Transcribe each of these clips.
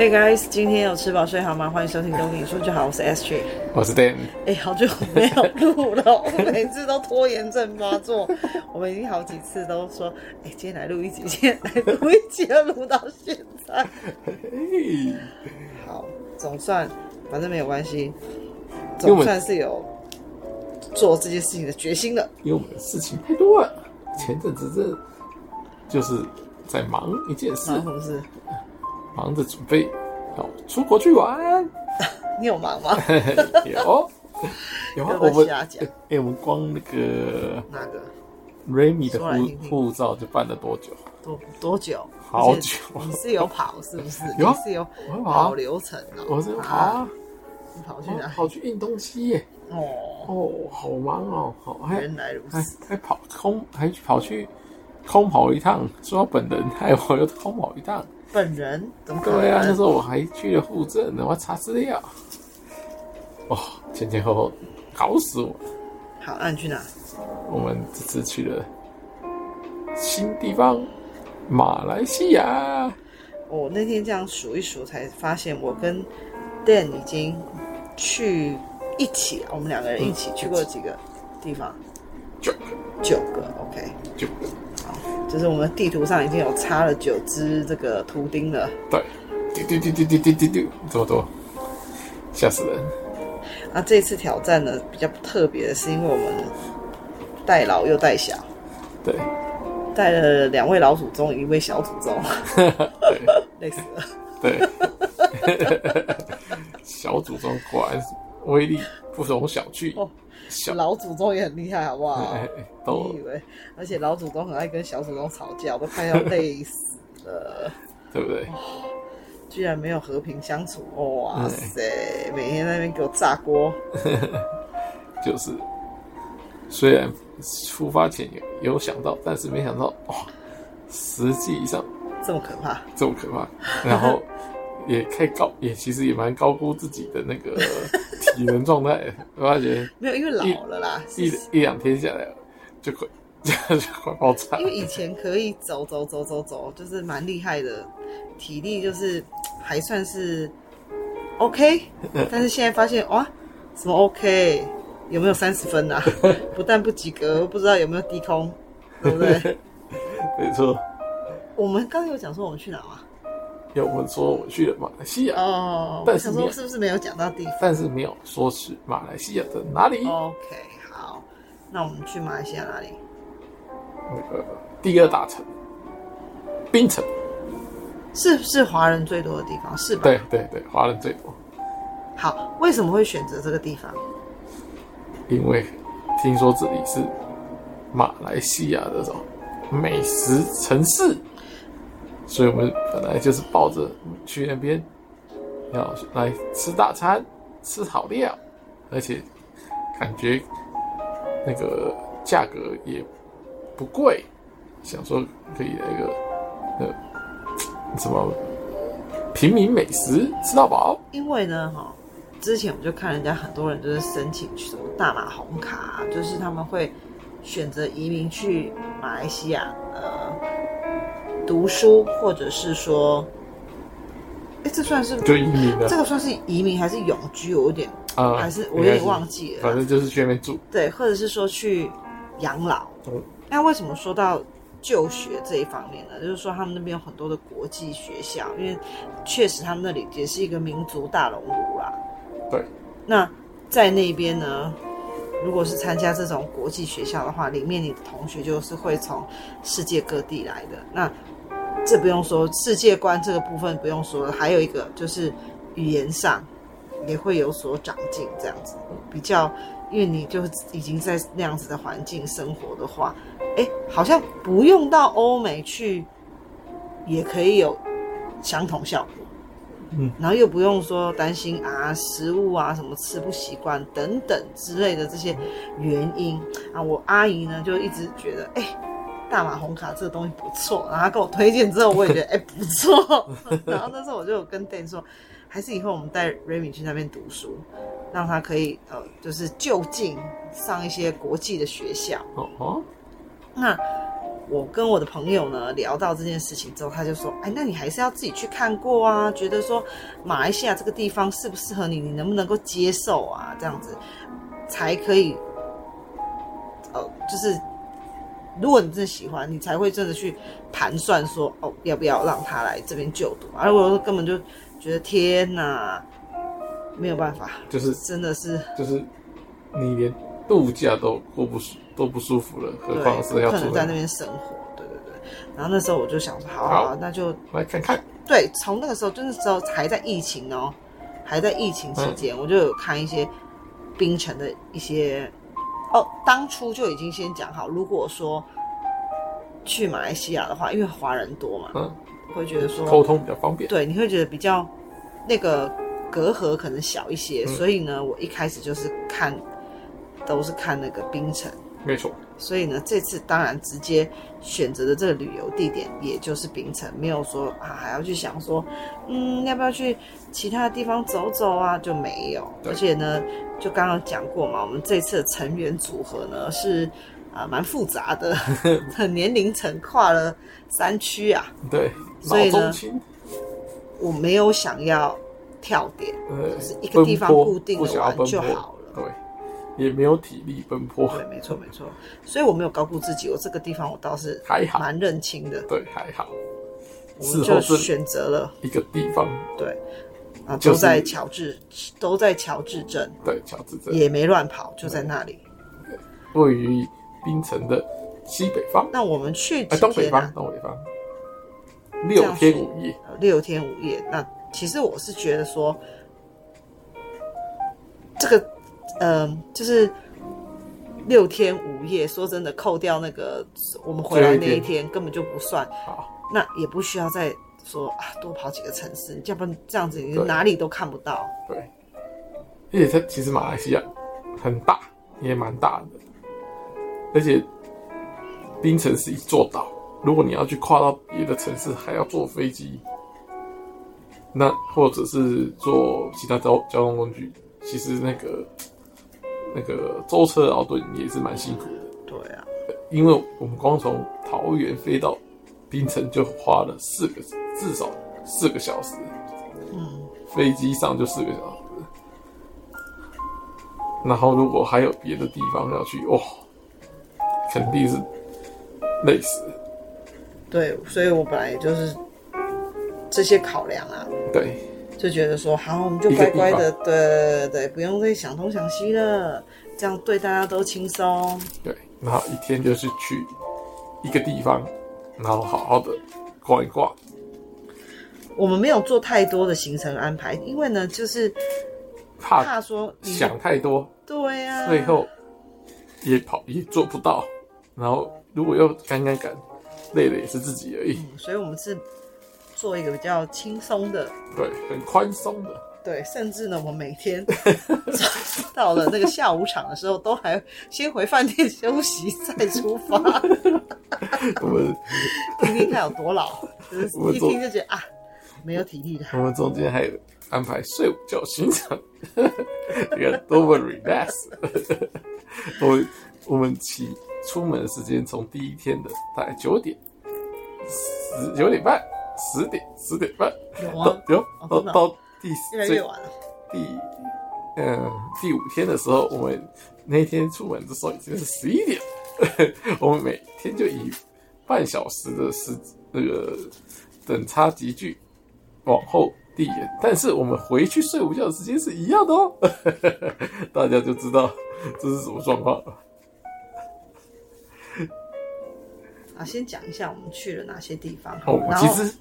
Hey guys，今天有吃飽睡好嗎？歡迎收聽《東瀛說就好》，我是 S J，我是 Dan。哎、欸，好久沒有錄了， 我每次都拖延症發作。 我們已經好幾次都說，哎、欸，今天來錄一集，今天來錄一集，錄到現在。哎、hey.，好，總算，反正沒有關係，總算是有做這件事情的決心了。因為我們事情太多了、啊，前陣子這就是在忙一件事，是不是？忙着準備，好出國去玩。 你有忙嗎？ 有 有，有瞎，我們哎、欸，我們光那個那個 Remy 的護照就辦了多久？多多久？好久。你是有跑是不是？ 有，你是有跑流程、喔、我是、啊啊、跑、啊，跑去哪、欸？跑去印東西哦哦，好忙哦、喔。Oh, 原來如此，欸欸、還跑空，還跑去空跑一趟，說本人，哎，我又空跑一趟。本人怎麼？對啊，那時候我還去了戶政呢，我要查資料。哇、哦，前前後後搞死我。好，那、啊、你去哪？我們這次去了新地方——馬來西亞。我、哦，那天這樣數一數，才發現我跟 Dan 已經去一起，我們兩個人一起去過幾個地方，九個九個 OK。九個。就是我們地圖上已經有插了九支這個圖釘了。對，丟丟丟丟丟丟丟丟，這麼多，嚇死人！啊，這次挑戰呢比較特別的是，因為我們帶老又帶小。對，帶了兩位老祖宗，一位小祖宗， 對 累死了。對， 小祖宗果然威力不容小覷。哦小老祖宗也很厲害，好不好？都、欸、以為？而且老祖宗很愛跟小祖宗吵架，我都快要累死了， 對不對、哦？居然沒有和平相處，哇塞！欸、每天在那邊給我炸鍋， 就是。雖然出發前有想到，但是沒想到哇，實際上這麼可怕，這麼可怕，然後， 也太高，也其實也蠻高估自己的那個體能狀態， 我發覺沒有，因為老了啦，一是是一兩天下來就會 就會爆炸。因為以前可以走走走走走，就是蠻厲害的體力，就是還算是 OK，但是現在發現哇，什麼 OK，有沒有三十分吶、啊？不但不及格，不知道有沒有低空，對不對？ 沒錯。我們剛剛有講說我們去哪嗎、啊？要不說我去了馬來西亞哦，oh, 但是我是不是沒有講到地方？但是沒有說是馬來西亞的哪裡？OK，好，那我們去馬來西亞哪裡？那、呃、個第二大城市，檳城，是不是華人最多的地方？是吧，對對對，華人最多。好，為什麼會選擇這個地方？因為聽說這裡是馬來西亞的這種美食城市。所以，我們本來就是抱着去那邊要來吃大餐、吃好料，而且感覺那個價格也不貴，想說可以來一個、那個、什麼平民美食，吃到飽。因為呢，哈、哦，之前我們就看人家很多人就是申請什麼大馬紅卡、啊，就是他們會選擇移民去馬來西亞，呃。讀書，或者是說，哎，這算是對，移民？這個算是移民還是永居？我有點，啊，還是我有點忘記了。反正就是去那邊住，對，或者是說去養老。那、嗯、為什麼說到就學這一方面呢？就是說他們那邊有很多的國際學校，因為確實他們那裡也是一個民族大熔爐啦。對，那在那邊呢，如果是參加這種國際學校的話，裡面你的同學就是會從世界各地來的。那這不用說，世界觀這個部分不用說了，還有一個就是語言上也會有所長進，這樣子比較，因為你就已經在那樣子的環境生活的話，哎，好像不用到歐美去，也可以有相同效果，嗯，然後又不用說擔心啊食物啊什麼吃不習慣等等之類的這些原因啊，我阿姨呢就一直覺得哎。誒大馬紅卡這個東西不錯，然後他跟我推薦之後，我也覺得哎 不錯。然後那時候我就跟店 n 說，還是以後我們帶 Raymi 去那邊讀書，讓他可以呃，就是就近上一些國際的學校。哦 那我跟我的朋友呢聊到這件事情之後，他就說，哎，那你還是要自己去看過啊，覺得說馬來西亞這個地方適不適合你，你能不能夠接受啊，這樣子才可以，呃、就是。如果你真的喜歡，你才會真的去盤算說哦，要不要讓他來這邊就讀？而、啊、我根本就覺得天哪，沒有辦法，就是真的是，就是你連度假都過不都不舒服了，何況是要可能在那邊生活？對對對。然後那時候我就想說，好好，那就來看看。對，從那個時候，就那時候還在疫情哦，還在疫情期間、嗯，我就有看一些檳城的一些。哦，當初就已經先講好，如果說去馬來西亞的話，因為華人多嘛，嗯，會覺得說溝通比較方便，對，你會覺得比較那個隔閡可能小一些，嗯，所以呢，我一開始就是看，都是看那個檳城，沒錯。所以呢，這次當然直接選擇的這個旅遊地點，也就是檳城，沒有說啊還要去想說，嗯，要不要去其他的地方走走啊？就沒有。而且呢，就剛剛講過嘛，我們這次的成員組合呢是啊蠻複雜的，很 年齡層跨了三區啊。對。所以呢，我沒有想要跳點，就是一個地方固定的玩就好了。對。也沒有體力奔波。對，沒錯沒錯，所以我沒有高估自己。我這個地方我倒是還好，蠻認清的。對，還好。我們就選擇了一個地方。對啊，就在喬治，都在喬治鎮。對，喬治鎮也沒亂跑，就在那裡。對，位於檳城的西北方。那我們去、啊哎、東北方，東北方。六天五夜，六天五夜。那其實我是覺得說，這個。嗯，就是六天五夜。說真的，扣掉那個我們回來那一天，一天根本就不算好，那也不需要再說啊，多跑幾個城市，要不然這樣子你哪裡都看不到。對，對而且它其實馬來西亞很大，也蠻大的，而且檳城是一座島。如果你要去跨到別的城市，還要坐飛機，那或者是坐其他交交通工具，其實那個。那個舟車勞頓也是蠻辛苦的。嗯，對啊，因為我們光從桃園飛到檳城就花了四個，至少四個小時，嗯，飛機上就四個小時，然後如果還有別的地方要去，哇，肯定是累死。對，所以我本來就是這些考量。啊，對。就覺得說好，我們就乖乖的，對對不用再想東想西了，這樣對大家都輕鬆。對，然後一天就是去一個地方，然後好好的逛一逛。我們沒有做太多的行程安排，因為呢，就是怕說怕說想太多，對呀，啊，最後也跑也做不到。然後如果要趕趕趕，累的也是自己而已。嗯，所以，我們是。做一個比較輕鬆的，對，很寬鬆的，對，甚至呢，我們每天 到了那個下午場的時候，都還先回飯店休息，再出發。我們聽聽看有多老， 一聽就覺得 啊，沒有體力的。我們中間還有安排睡午覺巡場，尋 常， 這個多麼 relax。我我們起出門的時間從第一天的大概九點，十九點半。十點十點半，有啊，到有，到、哦啊、到第四，越來越晚了。第，嗯，第五天的時候，我們那天出門的時候已經是十一點、嗯嗯。我們每天就以半小時的時那個等差級距往後遞延、嗯，但是我們回去睡午覺的時間是一樣的哦。 大家就知道這是什麼狀況了。嗯 啊，先講一下我們去了哪些地方。哦，好，其實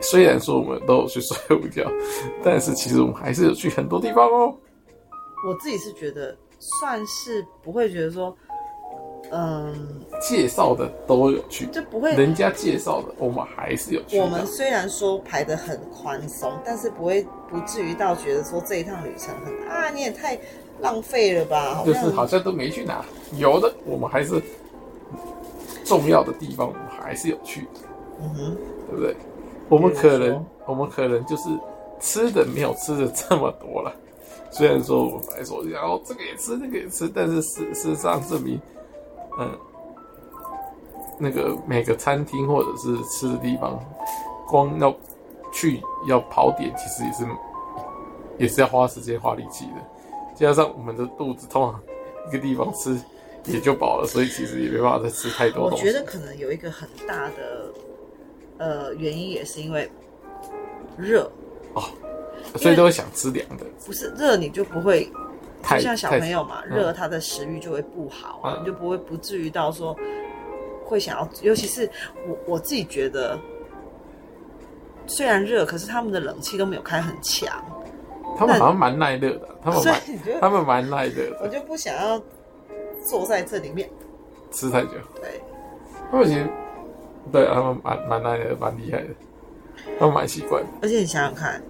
雖然說我們都有去睡午覺，但是其實我們還是有去很多地方哦。我自己是覺得，算是不會覺得說，嗯，介紹的都有去，就不會人家介紹的，我們還是有去。我們雖然說排得很寬鬆，但是不會不至於到覺得說這一趟旅程很啊，你也太浪費了吧？就是好像都沒去哪，有的我們還是。重要的地方我們還是有去的，嗯哼，對不對？我們可能我們可能就是吃的沒有吃的這麼多了，雖然說我們白說，然、哦、後這個也吃那、這個也吃，但是事事實實際上證明，嗯，那個每個餐廳或者是吃的地方，光要去要跑點，其實也是也是要花時間花力氣的，加上我們的肚子痛，一個地方吃。 也就飽了，所以其實也沒辦法再吃太多東西。我覺得可能有一個很大的，呃，原因也是因為熱哦，所以都會想吃涼的。不是熱你就不會太，就像小朋友嘛，熱他的食慾就會不好啊，嗯、你就不會不至於到說會想要。嗯、尤其是我我自己覺得，雖然熱，可是他們的冷氣都沒有開很強，他們好像蠻耐熱的、啊。他們所以你覺得他們蠻耐熱， 我就不想要。坐在這裡面吃太久，對，他們其實對、啊、他們蠻蠻耐的，蠻厲害的，他們蠻習慣，而且你想想看，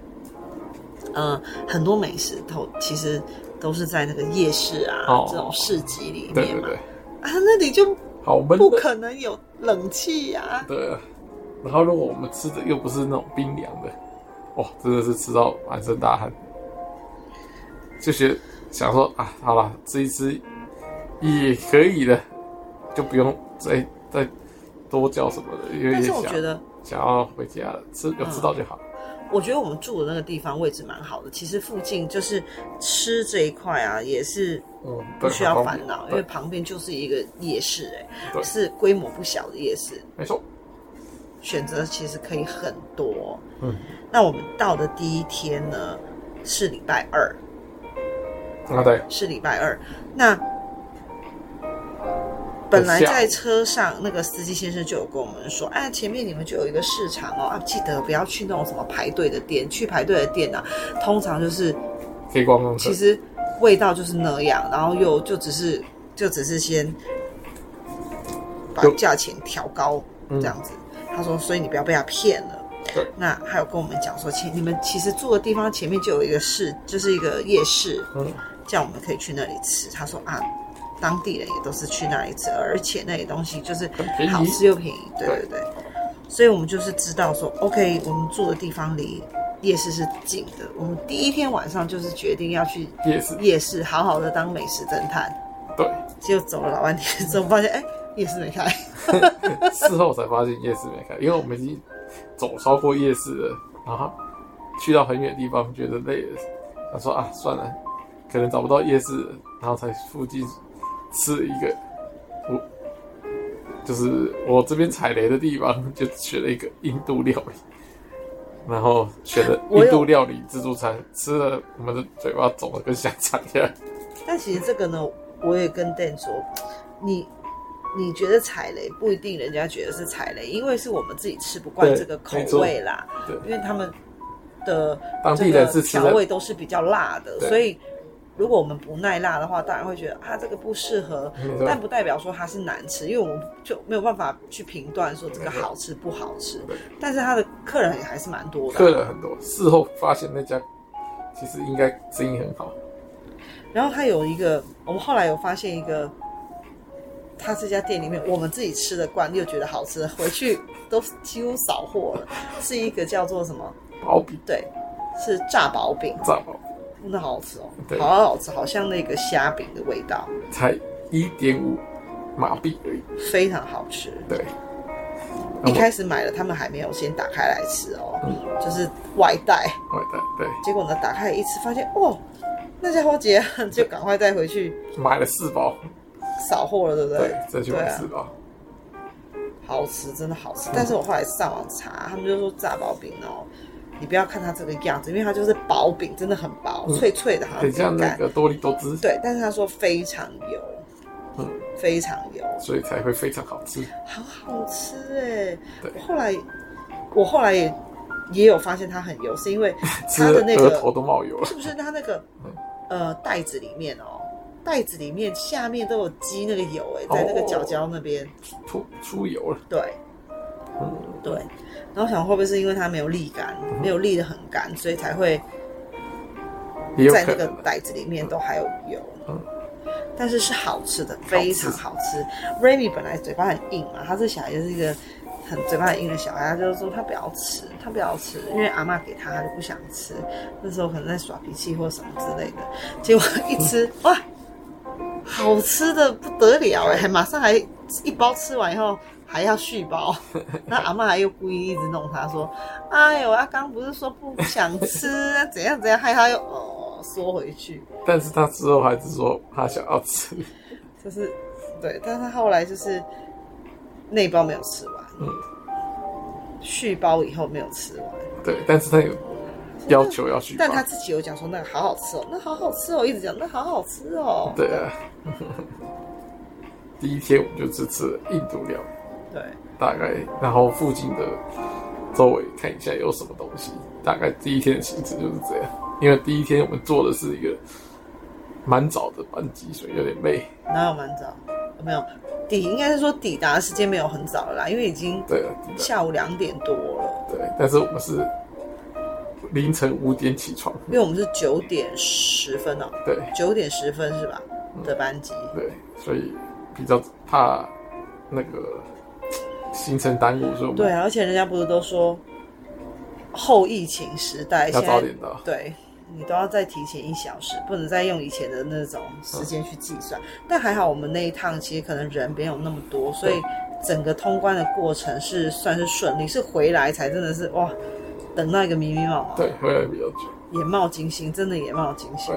嗯、呃，很多美食都其實都是在那個夜市啊、哦、這種市集裡面嘛，對對對啊，那裡就好悶，不可能有冷氣呀、啊。對、啊，然後如果我們吃的又不是那種冰涼的，哇，真的是吃到滿身大汗，就覺想說啊，好了，吃一吃。也可以的，就不用再再多叫什麼的，因為我覺得想要回家吃，有吃到就好、嗯。我覺得我們住的那個地方位置蠻好的，其實附近就是吃這一塊啊，也是不需要煩惱、嗯，因為旁邊就是一個夜市、欸，哎，是規模不小的夜市，沒錯，選擇其實可以很多。嗯，那我們到的第一天呢是禮拜二啊，對，是禮拜二，那。本來在車上，那個司機先生就有跟我們說：“啊，前面你們就有一個市場哦，啊，記得不要去那種什麼排隊的店，去排隊的店啊，通常就是……”飛光光。其實味道就是那樣，然後又就只是就只是先把價錢調高這樣子。嗯、他說：“所以你不要被他騙了。”對。那還有跟我們講說，前你們其實住的地方前面就有一個市，就是一個夜市，嗯，這樣我們可以去那裡吃。他說啊。當地人也都是去那裡吃，而且那些東西就是很好吃又便宜，便宜對對對。所以我們就是知道說，OK，我們住的地方離夜市是近的。我們第一天晚上就是決定要去夜市，夜市好好的當美食偵探。對，就走了老半天，之後發現哎、嗯欸，夜市沒開？ 事後才發現夜市沒開，因為我們已經走超過夜市了啊！然後去到很遠的地方，覺得累了，他說啊，算了，可能找不到夜市，然後才附近。吃一個，我就是我這邊踩雷的地方，就選了一個印度料理，然後選的印度料理自助餐，啊，吃了我們的嘴巴腫的跟香腸一樣。但其實這個呢，我也跟 Dan 說，你你覺得踩雷不一定人家覺得是踩雷，因為是我們自己吃不慣這個口味啦。對，對因為他們的當地的調味都是比較辣的，所以。如果我們不耐辣的話，當然會覺得啊這個不適合，但不代表說它是難吃，因為我們就沒有辦法去評斷說這個好吃不好吃？對。但是他的客人也還是蠻多的。客人很多，事後發現那家其實應該生意很好。然後他有一個，我們後來有發現一個，他這家店裡面我們自己吃的慣又覺得好吃，回去都幾乎掃貨了。 是一個叫做什麼？薄餅。對。是炸薄餅。炸薄。真的好好吃哦，好、啊、好吃，好像那個蝦餅的味道，才一點五馬幣而已，非常好吃。對，一開始買了，他們還沒有先打開來吃哦，嗯、就是外帶，外帶對。結果呢，打開一吃，發現哦，那家伙杰就趕快帶回去，買了四包，掃貨了，對不對？對，買四包、啊、好吃，真的好吃、嗯。但是我後來上網查，他們就說炸薄餅哦。你不要看它這個樣子，因為它就是薄餅，真的很薄，嗯、脆脆的，很像等下那個多力多滋。對，但是他說非常油，嗯，非常油，所以才會非常好吃。好好吃哎、欸！後來我後來也也有發現它很油，是因為它的那個 頭都冒油了，是不是？它那個、嗯、呃袋子裡面哦、喔，袋子裡面下面都有積那個油哎、欸，在那個角角那邊、哦、出出油了，對。對，然後想會不會是因為它沒有瀝乾、嗯，沒有瀝得很乾，所以才會在那個袋子裡面都還有油。有但是是好吃的，嗯、非常好吃。Rainy 本來嘴巴很硬嘛，他這小孩就是一個很嘴巴很硬的小孩，他就是說他不要吃，他不要吃，因為阿嬤給他，他就不想吃。那時候可能在耍脾氣或什麼之類的，結果一吃、嗯、哇，好吃的不得了哎，馬上還一包吃完以後。還要續包，那 阿媽還又故意一直弄他，說：“哎呦、啊，阿剛不是說不想吃，怎樣怎樣，害他又哦縮回去。 ”但是他之後還是說他想要吃，就是對，但他後來就是那包沒有吃完，嗯，續包以後沒有吃完。對，但是他有要求要續包，但他自己有講說那個好好吃，喔：“那好好吃哦、喔，那好好吃哦，一直講那好好吃哦。”對啊， 第一天我們就只吃了印度料理。對，大概然後附近的周圍看一下有什麼東西。大概第一天的行程就是這樣，因為第一天我們坐的是一個蠻早的班機，所以有點累。哪有蠻早？哦，沒有，抵應該是說抵達時間沒有很早了啦，因為已經對了，下午兩點多了。對，但是我們是凌晨五點起床，因為我們是九點十分哦。對，九點十分是吧？嗯，的班機。對，所以比較怕那個。行程耽誤是嗎？對、啊，而且人家不是都說後疫情時代要早點到。對，你都要再提前一小時，不能再用以前的那種時間去計算，嗯。但還好我們那一趟其實可能人沒有那麼多，所以整個通關的過程是算是順利。是回來才真的是哇，等到一個迷迷茫惘，啊。對，回來比較久。眼冒金星，真的眼冒金星。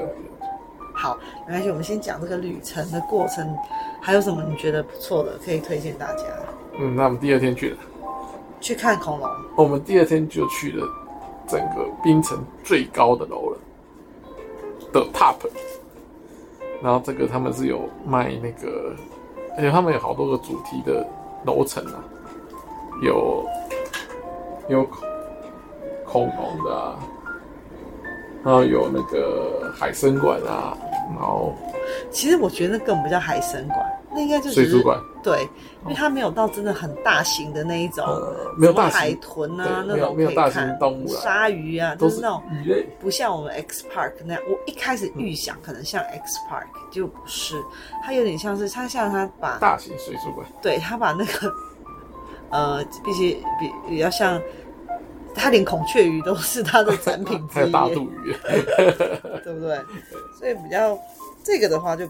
好，沒關係，我們先講這個旅程的過程。還有什麼你覺得不錯的可以推薦大家？嗯，那我們第二天去了，去看恐龍。我們第二天就去了整個檳城最高的樓了，The Top。然後這個他們是有賣那個，而且他們有好多個主題的樓層啊，有有恐、恐龍的啊，然後有那個海參館啊，然後其實我覺得那根本不叫海參館。那應該就是水族館，對，因為它沒有到真的很大型的那一種，有、嗯嗯、海豚啊、嗯、那種可以看沒有，沒有大型動物鯊魚啊，都、就是那種是、欸、不像我們 X Park 那樣。我一開始預想可能像 X Park，嗯、就不是，它有點像是它像它把大型水族館，對，它把那個呃，比起比比較像，它連孔雀魚都是它的展品之一， 還有大肚魚， 對不對？所以比較這個的話就。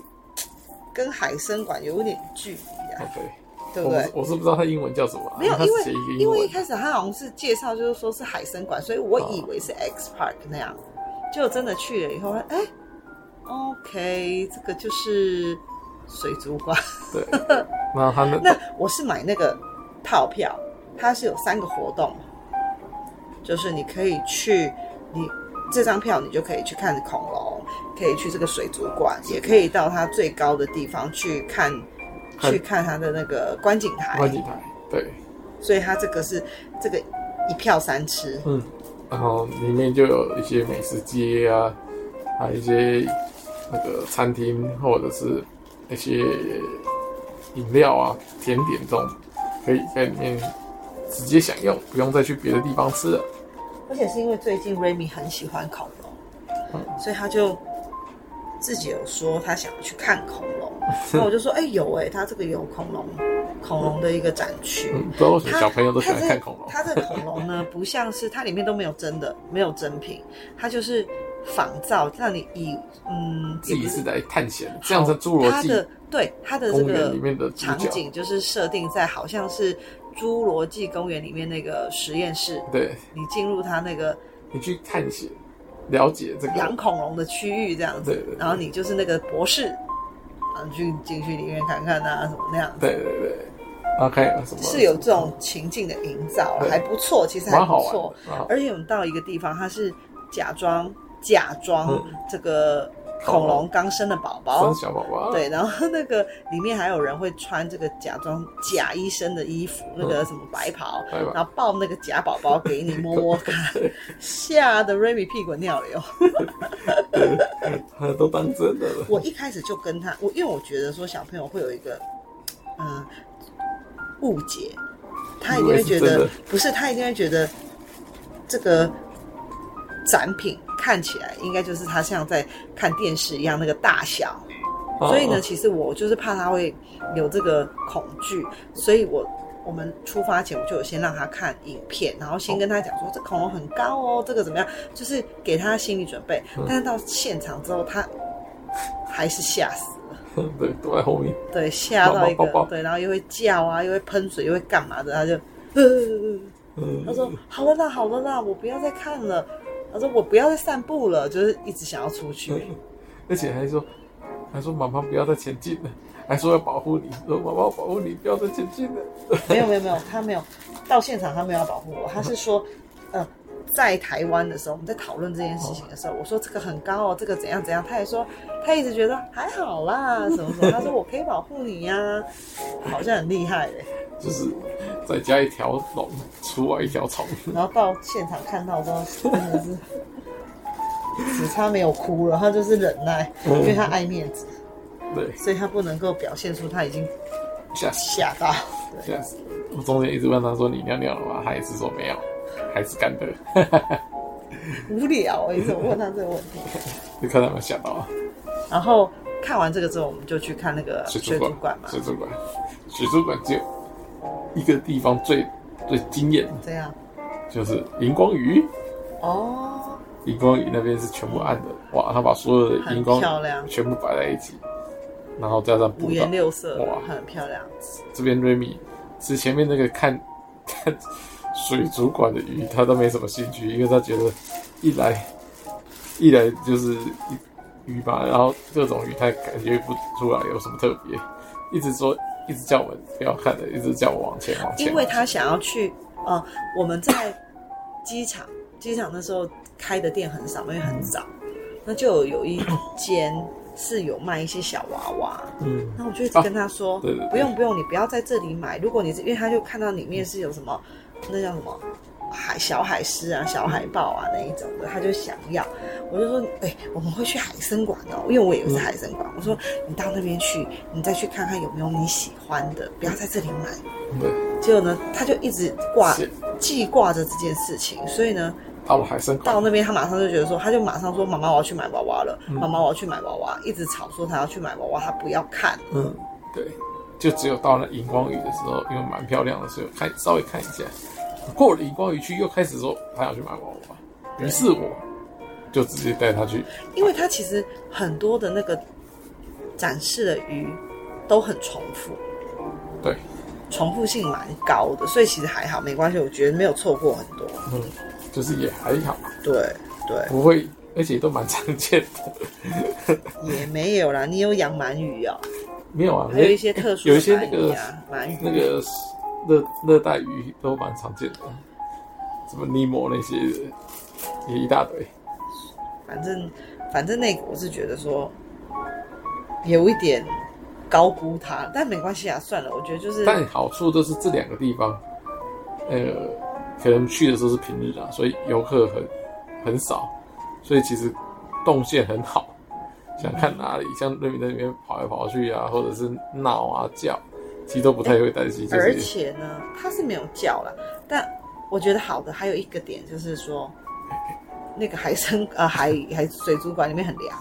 跟海生館有一點距離啊，okay. 對不對我？我是不知道它英文叫什麼、啊。沒有，因為英文因為一開始他好像是介紹，就是說是海生館，所以我以為是 X Park 那樣，就、啊、真的去了以後，哎、欸、OK，這個就是水族館。對，那他們 那我是買那個套票，它是有三個活動，就是你可以去，你這張票你就可以去看恐龍。可以去這個水族館，也可以到它最高的地方去看，看去看它的那個觀景台。觀景台，對。所以它這個是這個一票三吃。嗯，然、啊、後裡面就有一些美食街啊，還、啊、有一些那個餐廳或者是那些飲料啊、甜點這種，可以在裡面直接享用，不用再去別的地方吃了。而且是因為最近 Remy 很喜歡烤。所以他就自己有說他想要去看恐龍，所 以我就說：哎、欸，有哎、欸，他這個有恐龍恐龍的一個展區， 嗯、小朋友都喜歡看恐龍。他、他、 他的恐龍呢，不像是它裡面都沒有真的，沒有真品，它就是仿造，讓 你以嗯自己是在探險，像是侏羅紀。對，他的公園裡面的場景，就是設定在好像是侏羅紀公園裡面那個實驗室。對，你進入他那個，你去探險。了解這個養恐龍的區域這樣子。對對對對，然後你就是那個博士，啊，你去進去裡面看看啊什麼那樣子。對對對，OK，就是有這種情境的營造，還不錯，其實還不錯。而且我們到一個地方，它是假裝假裝這個。嗯恐龍剛生的寶寶，生小寶寶，對，然後那個裡面還有人會穿這個假裝假醫生的衣服，那個什麼白袍，然後抱那個假寶寶給你摸摸看，嚇 得 Remy 屁滾尿流 ，他都當真的了。我一開始就跟他，我因為我覺得說小朋友會有一個嗯、呃、誤解，他一定會覺得是不是，他一定會覺得這個。展品看起來應該就是他像在看電視一樣那個大小啊啊，所以呢，其實我就是怕他會有這個恐懼，所以我我們出發前我就先讓他看影片，然後先跟他講說、哦、這恐龍很高哦，這個怎麼樣，就是給他心理準備。嗯、但是到現場之後，他還是嚇死了。對，躲在後面。對，嚇到一個媽媽抱抱，對，然後又會叫啊，又會噴水，又會幹嘛的，他就，呵呵呵呵嗯，他說好了啦，好了啦，我不要再看了。他說我不要再散步了，就是一直想要出去，而且還說，還說媽媽不要再前進了，還說要保護你，說媽媽保護你，不要再前進了。沒有沒有沒有，他沒有到現場，他沒有要保護我，他是說，嗯、 呃。在台灣的時候，我們在討論這件事情的時候，我說這個很高哦，這個怎樣怎樣，他也說他一直覺得還好啦，什麼什麼，他說我可以保護你呀、啊， 好像很厲害哎。就是在家一條龍，出外一條蟲。然後到現場看到之後，真的是 只差沒有哭了，他就是忍耐、嗯，因為他愛面子，對，所以他不能夠表現出他已經嚇嚇到。對，嚇，我中間一直問他，他說你尿尿了嗎？他也是說沒有。還是乾的，無聊。我怎麼問他這個問題？你 看他有想到啊。然後看完這個之後，我們就去看那個水族館嘛。水族館，水族館只有一個地方最最驚艷。這樣，就是熒光魚哦。熒光魚那邊是全部暗的、嗯，哇！他把所有的熒光漂亮全部擺在一起，然後加上五顏六色，哇，很漂亮。這邊瑞米是前面那個看。看水族館的魚，他都沒什麼興趣，因為他覺得一來一來就是魚吧，然後這種魚他也感覺不出來有什麼特別，一直說一直叫我們不要看的，一直叫我往前往前。因為他想要去、嗯嗯嗯想要去呃、我們在機場機場那時候開的店很少，因為很早，那就有一間是有賣一些小娃娃，嗯，那我就一直跟他說、啊對對對，不用不用，你不要在這裡買，如果你因為他就看到裡面是有什麼。那叫什麼海小海獅啊，小海豹啊、嗯、那一種的，他就想要，我就說，哎、欸，我們會去海生館哦，因為我也不是海生館、嗯，我說你到那邊去，你再去看看有沒有你喜歡的，不要在這裡買。對、嗯。結果呢，他就一直掛記掛着這件事情，所以呢，到海生到那邊，他馬上就覺得說，他就馬上說，媽媽我要去買娃娃了，媽、嗯、媽我要去買娃娃，一直吵說他要去買娃娃，他不要看。嗯，對。就只有到那螢光魚的時候，因為蠻漂亮的，所以看稍微看一下。過了螢光魚區，又開始說他要去買娃娃，於是我就直接帶他去。因為他其實很多的那個展示的魚都很重複，對，重複性蠻高的，所以其實還好，沒關係，我覺得沒有錯過很多。嗯，就是也還好。對對，不會，而且都蠻常見的、嗯。也沒有啦，你有養鰻魚哦、喔。沒有啊，還有一些特殊、啊，有一些那個蠻、啊、那個熱熱帶魚都蠻常見的，嗯、什麼尼莫那些也一大堆。反正反正那個我是覺得說有一點高估它，但沒關係啊，算了，我覺得就是。但好處就是這兩個地方，嗯、呃，可能去的時候是平日啊，所以遊客很很少，所以其實動線很好。想看哪裡？像那邊在那邊跑來跑去啊，或者是鬧啊叫，其實都不太會擔心、欸就是。而且呢，它是沒有叫了。但我覺得好的還有一個點就是說，那個海生呃海海水族館裡面很涼。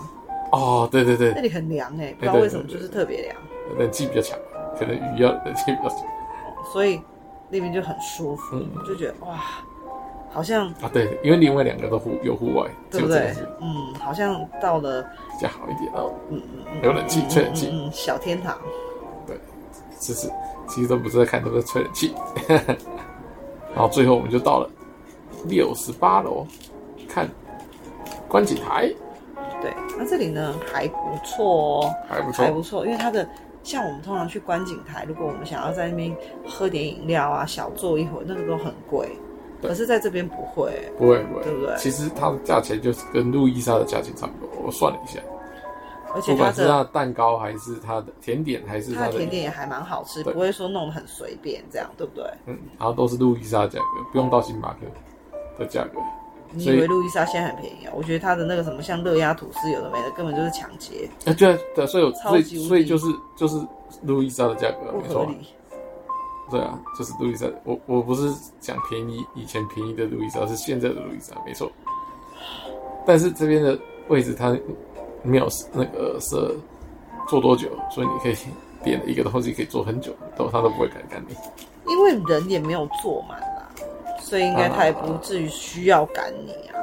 哦，對對對，那裡很涼哎、欸，不知道為什麼就是特別涼，冷氣比較強，可能魚要冷氣比較強，所以那邊就很舒服，嗯、就覺得哇。好像啊，對，對，因為另外兩個都戶有戶外，對不對？嗯，好像到了，比較好一點哦。嗯嗯嗯，有冷氣，嗯、吹冷氣、嗯嗯，小天堂。對，其實其實都不是在看，都是吹冷氣。 然後最後我們就到了六十八樓，看觀景台。對，那這裡呢還不錯哦，還不錯，還不錯，因為它的像我們通常去觀景台，如果我們想要在那邊喝點飲料啊，小坐一會兒，那個都很貴。可是在這邊不會、欸，不會不會，對不對？其實它的價錢就是跟路易莎的價錢差不多。我算了一下，而且他不管是它的蛋糕還是它的甜點，還是它的，它的甜點也還蠻好吃，不會說弄得很隨便這樣，對不對？嗯，然後都是路易莎的價格，不用到星巴克的價格、嗯。你以為路易莎現在很便宜啊？我覺得它的那個什麼像熱壓吐司有的沒的，根本就是搶劫。那、欸、對，對所以超級所以所以就是就是路易莎的價格，沒錯、啊。對啊，就是路易莎。我我不是講便宜，以前便宜的路易莎，而是現在的路易莎，沒錯。但是這邊的位置，它沒有那個設坐多久，所以你可以點了一個東西可以坐很久，都他都不會趕趕你。因為人也沒有坐滿啦，所以應該他也不至於需要趕你啊。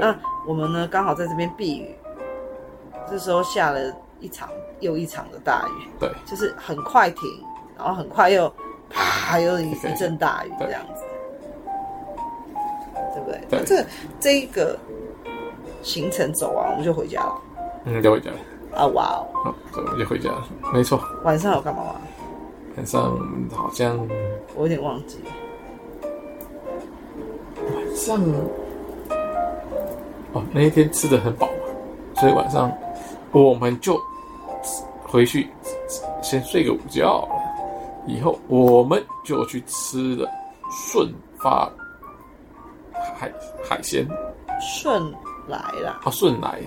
那、啊啊、我們呢，剛好在這邊避雨。這時候下了一場又一場的大雨，對，就是很快停，然後很快又。還有一陣、okay. 大雨這樣子，對，對不對？對啊、這個、這一個行程走完，我們就回家了。嗯，就回家了。啊、oh, 哇、wow. 哦！好，就回家了。沒錯。晚上有幹嘛嗎？晚上好像我有點忘記了。晚上哦，那一天吃得很飽嘛，所以晚上我們就回去先睡個午覺。以後我們就去吃了順發海海鮮，順來了。啊、哦，順來，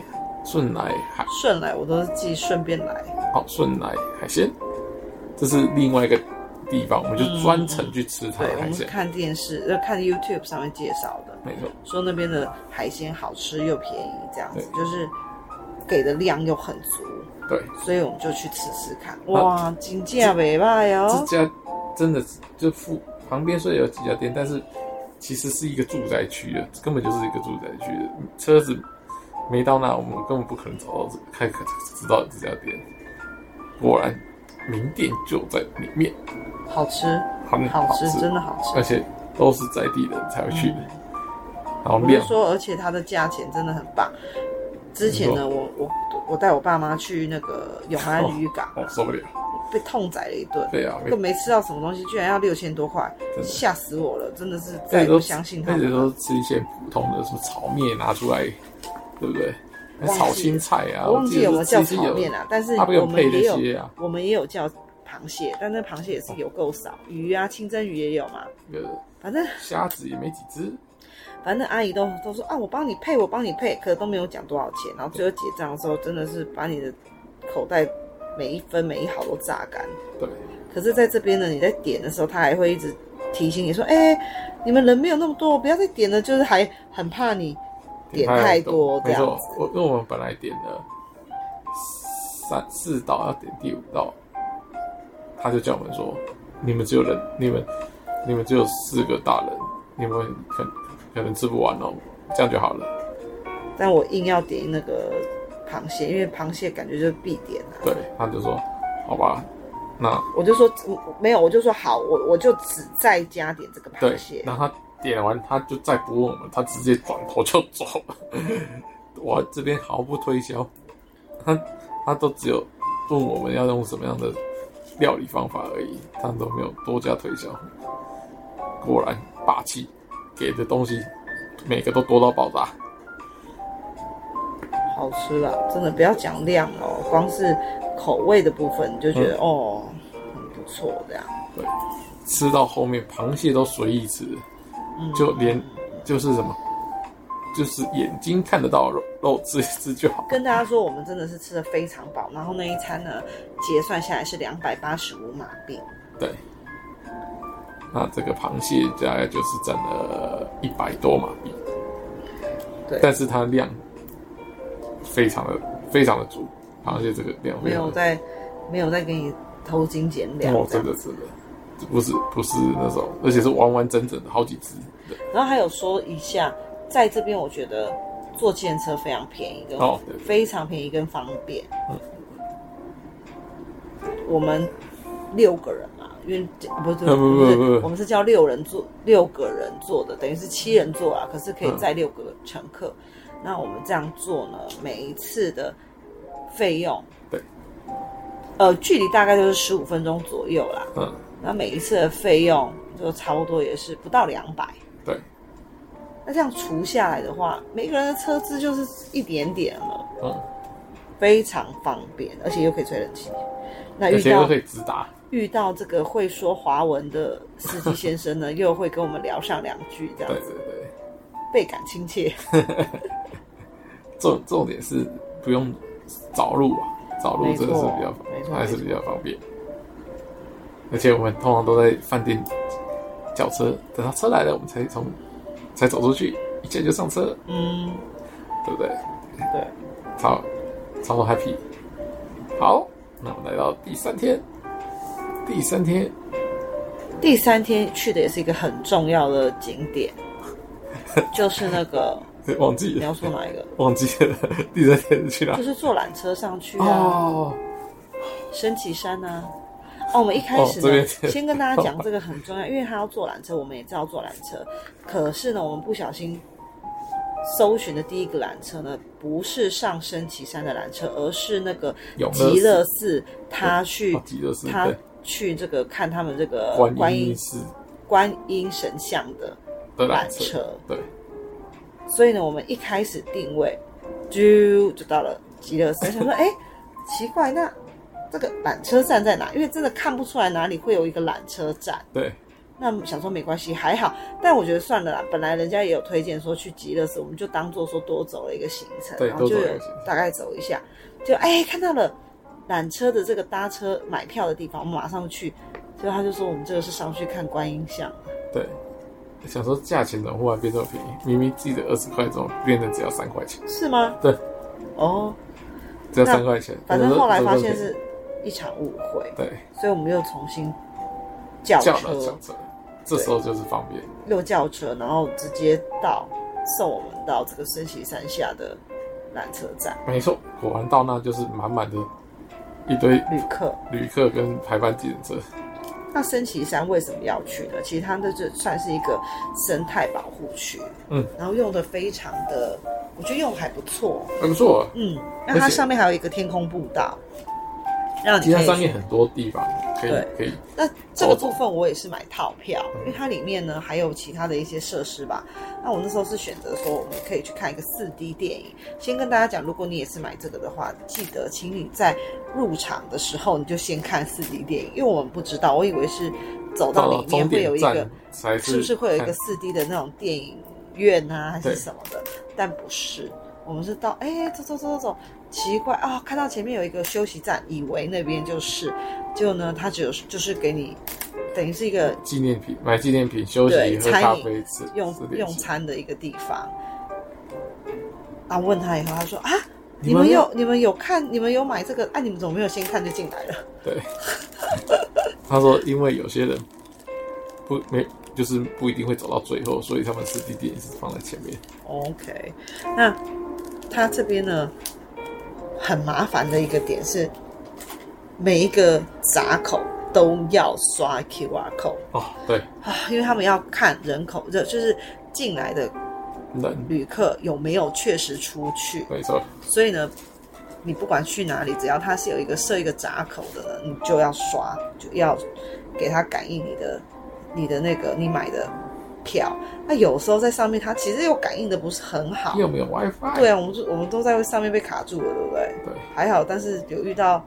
順來海。順來，我都是記順便來。哦，順來海鮮，這是另外一個地方，我們就專程去吃它的海鮮。對，我是看電視，呃，看 YouTube 上面介紹的，沒錯，說那邊的海鮮好吃又便宜，這樣子就是。給的量又很足，對，所以我們就去吃吃看。哇，金價沒賣哦！這，這家真的就附旁邊，雖然有幾家店，但是其實是一個住宅區的，根本就是一個住宅區的。車子沒到那，我們根本不可能找到這個，開知道這家店。果然，名店就在裡面好吃，好吃，好吃，真的好吃，而且都是在地的，才會去的，方、嗯、便。我說，而且它的價錢真的很棒。之前呢，我我我帶我爸媽去那個永安漁港，受、哦、不了，被痛宰了一頓。對啊，又沒，沒吃到什麼東西，居然要六千多塊，嚇死我了！真的是，再也不相信他們。他。開始都吃一些普通的，什麼炒麵拿、啊、出來，對不對？炒青菜啊，我忘記，我記有沒有叫炒麵啊，但是我們，配的一些、啊、我們也有，我們也有叫螃蟹，但那螃蟹也是有夠少、哦。魚啊，清蒸魚也有嘛，反正蝦子也沒幾隻。反正阿姨都都說啊，我幫你配，我幫你配，可是都沒有講多少錢。然後最後結賬的時候，真的是把你的口袋每一分每一毫都榨乾。對。可是在這邊呢，你在點的時候，他還會一直提醒你說：“哎，你們人沒有那麼多，不要再點了。”就是還很怕你點太多。這樣。我因為我們本來點了三四道，要點第五道，他就叫我們說：“你們只有人，你們你們只有四個大人，你們很。”可能吃不完哦，這樣就好了。但我硬要點那個螃蟹，因為螃蟹感覺就是必點啊。對，他就說：“好吧，那我就說沒有，我就說好，我我就只再加點這個螃蟹。”然後他點完他就再不問我們，他直接轉頭就走了。我 這邊毫不推銷，他他都只有問我們要用什麼樣的料理方法而已，他都沒有多加推銷。果然霸氣。給的東西，每個都多到爆炸，好吃啊，真的不要講量哦，光是口味的部分你就覺得、嗯、哦很不錯，這樣對。對，吃到後面螃蟹都隨意吃，就連就是什麼，就是眼睛看得到肉，肉吃一吃就好。跟大家說，我們真的是吃得非常飽，然後那一餐呢，結算下來是兩百八十五馬幣。對。那這個螃蟹大概就是占了一百多馬幣，對，但是它量非常的非常的足，螃蟹這個量、嗯、沒有在沒有在給你偷斤減兩哦，這個這個不是不是那種、嗯，而且是完完整整的好幾隻對。然後還有說一下，在這邊我覺得坐計程車非常，非常便宜跟，哦，對、對、對，非常便宜跟方便。嗯、我們六個人。因為不是不是不是、嗯、不是，我們是叫六人座，嗯，六個人坐的，等於是七人座啊、嗯。可是可以載六個乘客、嗯。那我們這樣做呢，每一次的費用，對，呃，距離大概就是十五分鐘左右啦。嗯。那每一次的費用就差不多也是不到兩百。對。那這樣除下來的話，每個人的車資就是一點點了。嗯。非常方便，而且又可以吹冷氣。那遇到，又可以直達。遇到這個會說華文的司機先生呢，又會跟我們聊上兩句，這樣子， 對對對，倍感親切。 重重點是不用找路啊，找路真的是比較方便，沒錯，還是比較方便。而且我們通常都在飯店叫車，等他車來了，我們才從才走出去，一見就上車，嗯，對不對？對，好，超 happy。好，那我們來到第三天。第三天，第三天去的也是一個很重要的景點， 就是那個忘記了。你要說哪一個？忘記了。第三天去哪？就是坐纜車上去啊，哦、升旗山啊。哦，我們一開始呢、哦、先跟大家講這個很重要， 因為他要坐纜車，我們也知道坐纜車。可是呢，我們不小心搜尋的第一個纜車呢，不是上升旗山的纜車，而是那個極樂寺、極樂寺，他去極樂寺、啊、極樂寺。他去這個看他們這個觀音觀音，觀音神像的纜車，車，對。所以呢，我們一開始定位，就就到了極樂寺， 我想說，哎、欸，奇怪，那這個纜車站在哪？因為真的看不出來哪裡會有一個纜車站。對。那想說沒關係，還好。但我覺得算了啦，本來人家也有推薦說去極樂寺，我們就當做說多走了一個行程，對，然後就有大概走一下，一就，哎、欸，看到了。纜車的這個搭車買票的地方，我們馬上去。所以他就說我們這個是上去看觀音像。對，想說價錢怎麼忽然變這麼便宜？明明記得二十塊，怎麼變成只要三塊錢，是嗎？對，哦，只要三塊錢。反正後來發現是一場誤會對。對，所以我們又重新叫車。叫了車，這時候就是方便又叫車，然後直接到送我們到這個升旗山下的纜車站。沒錯，果然到那就是滿滿的。一堆、呃、旅客，旅客跟排班記者。那升旗山為什麼要去呢？其實它這就算是一個生態保護區，嗯，然後用的非常的，我覺得用得還不錯，還不錯、啊，嗯，那它上面還有一個天空步道。讓你其他商業很多地方可以可以。可以那這個部分我也是買套票，嗯、因為它裡面呢還有其他的一些設施吧。那我那時候是選擇說我們可以去看一個四 D 電影。先跟大家講，如果你也是買這個的話，記得請你在入場的時候你就先看四 D 電影，因為我們不知道，我以為是走到裡面會有一個，是，是不是會有一個四 D 的那種電影院啊還是什麼的？但不是，我們是到哎走、欸、走走走走。奇怪啊、哦！看到前面有一個休息站，以為那邊就是，結果呢，他只有就是給你，等於是一個紀念品，買紀念品、休息、喝咖啡、吃用用餐的一個地方。啊！問他以後，他說啊，你們有你們，你們有看你們有買這個？哎、啊，你們怎麼沒有先看就進來了？對，他說，因為有些人不沒就是不一定會走到最後，所以他們是地點是放在前面。OK，那他這邊呢？很麻煩的一個點是，每一個閘口都要刷 QR code 哦，對啊，因為他們要看人口，就就是進來的，旅客有沒有確實出去，沒錯。所以呢，你不管去哪裡，只要它是有一個設一個閘口的呢，你就要刷，就要給他感應你的你的那個你買的。那有時候在上面，它其實又感應的不是很好。你有沒有 WiFi？對啊，我們就我們都在上面被卡住了，對不對？對，還好，但是有遇到，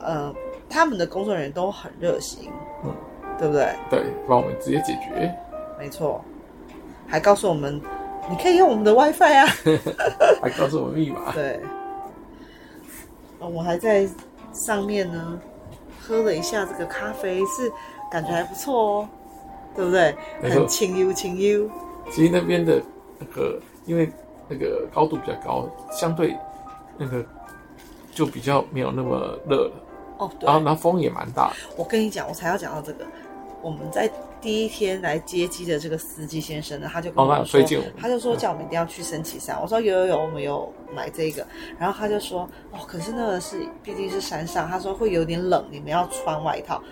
呃，他們的工作人員都很熱心，嗯，對不對？對，幫我們直接解決。沒錯，還告訴我們，你可以用我們的 WiFi 啊， 還告訴我們密碼。對，我還在上面呢，喝了一下這個咖啡，是感覺還不錯哦。對不對？很清幽，清幽、哎。其實那邊的那個，因為那個高度比較高，相對那個就比較沒有那麼熱了。哦，對。然後，然後風也蠻大。我跟你講，我才要講到這個。我們在第一天來接機的這個司機先生呢，他就跟我說，跟歡說他就說叫我們一定要去升旗山。我說有有有，我們有買這個。然後他就說，哦，可是那個是畢竟是山上，他說會有點冷，你們要穿外套。